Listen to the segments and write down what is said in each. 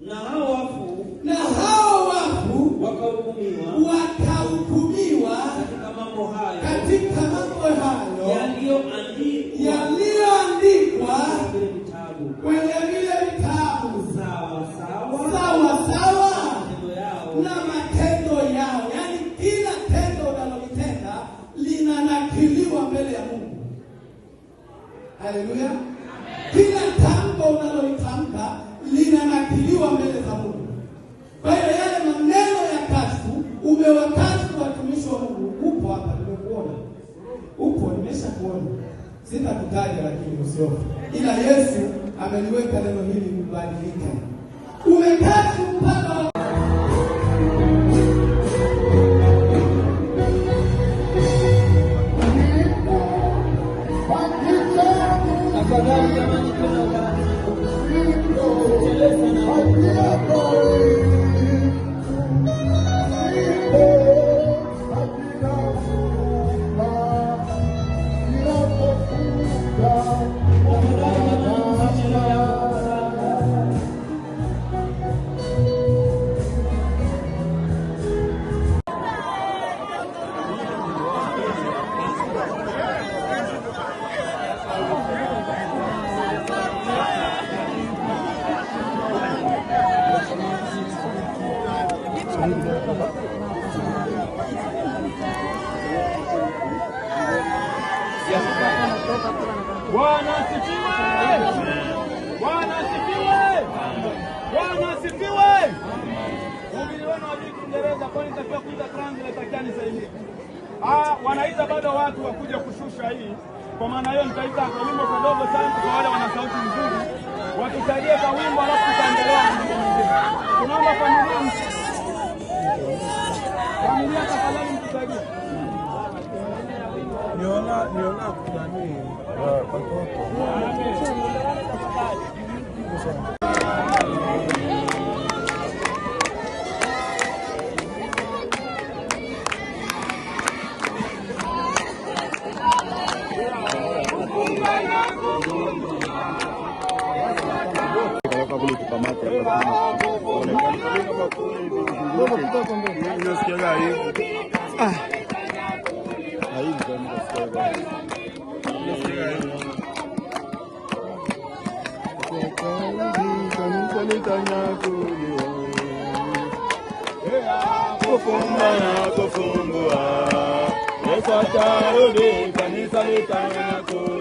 na hao wafu na hao wafu wakahukumiwa wakahukumiwa katika mambo hayo katika mambo hayo yaliyoandikwa yaliyoandikwa kwenye vile vitabu sawa sawa sawa sawa na matendo yao, yaani kila tendo unalolitenda linanakiliwa mbele ya Mungu. Haleluya! Kumbe wakati wa watumishi wa Mungu upo hapa, nimekuona upo, nimesha kuona, sitakutaja lakini usiofu, ila Yesu ameliweka neno hili kubadilika. Umekaa asifiwe. Ubiri wenu wajui Kiingereza, kwani takiwa kuita translate akiani sahihi. Ah, wanaiza bado watu wakuja kushusha hii. Kwa maana hiyo nitaita wimbo kadogo sana kwa wale wana sauti nzuri, watusaidie kwa wimbo alafu tutaendelea na mwingine. Tunaomba familia familia, tafadhali mtusaidie. Niona niona kuna nini? Kufumbua, ah. Yesu atarudi, kanisa litanyakua.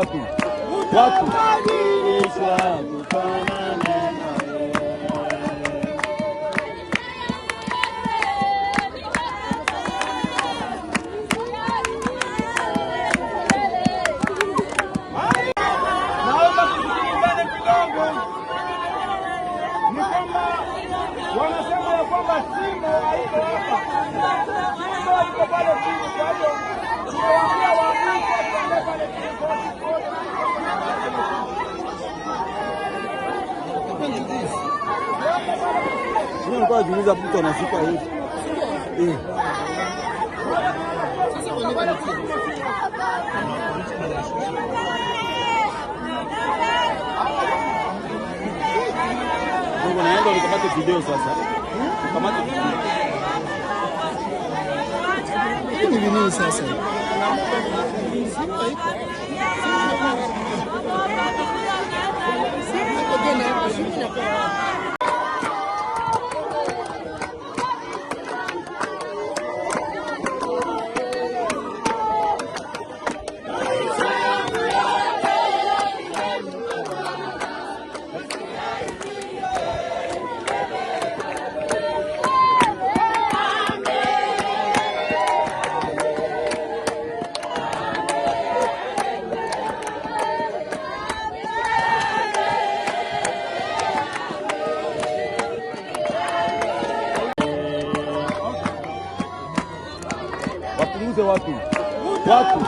wapi? Wapi? nilikuwa najiuliza mtu anashika hivi eh. Naenda nikamate video sasa, nikamate video nini sasa? tuuti wapi? Watu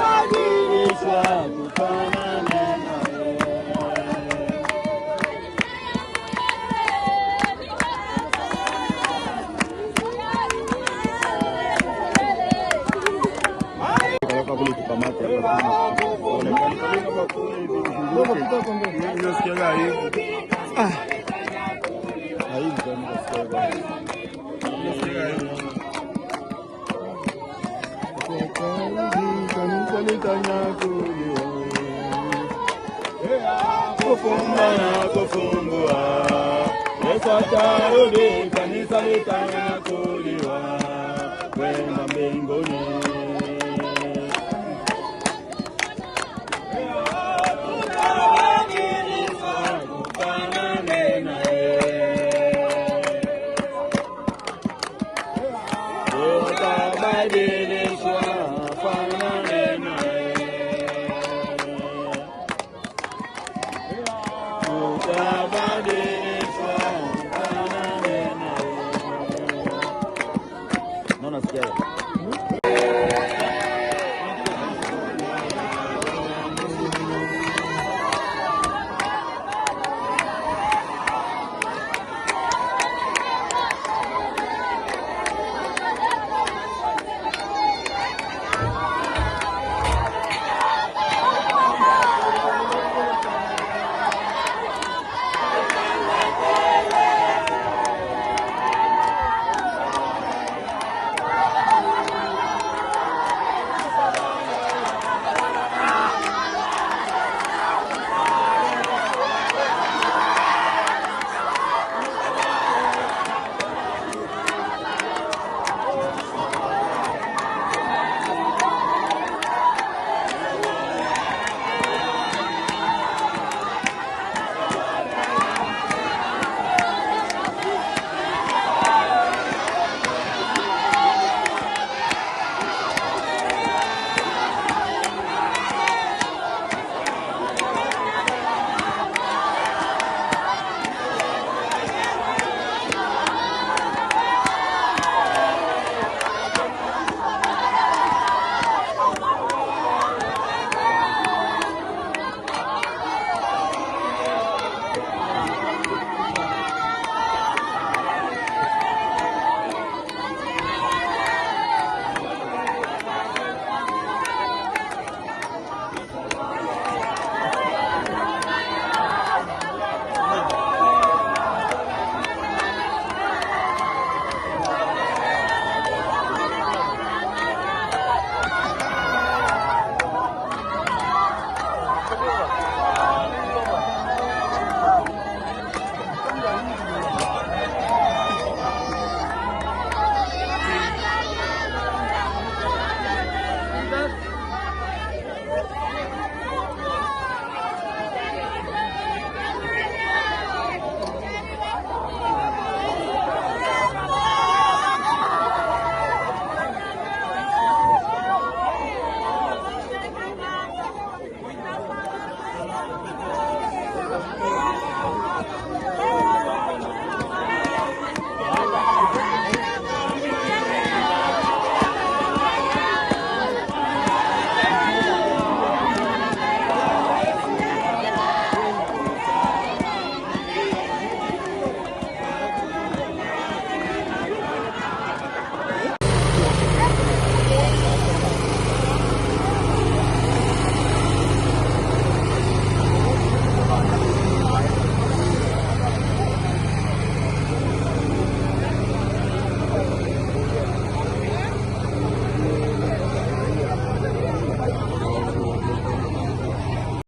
Ah. kufumba kufunga kufungua Yesu atarudi, ah, kanisa litanyakuliwa kwenda mbinguni.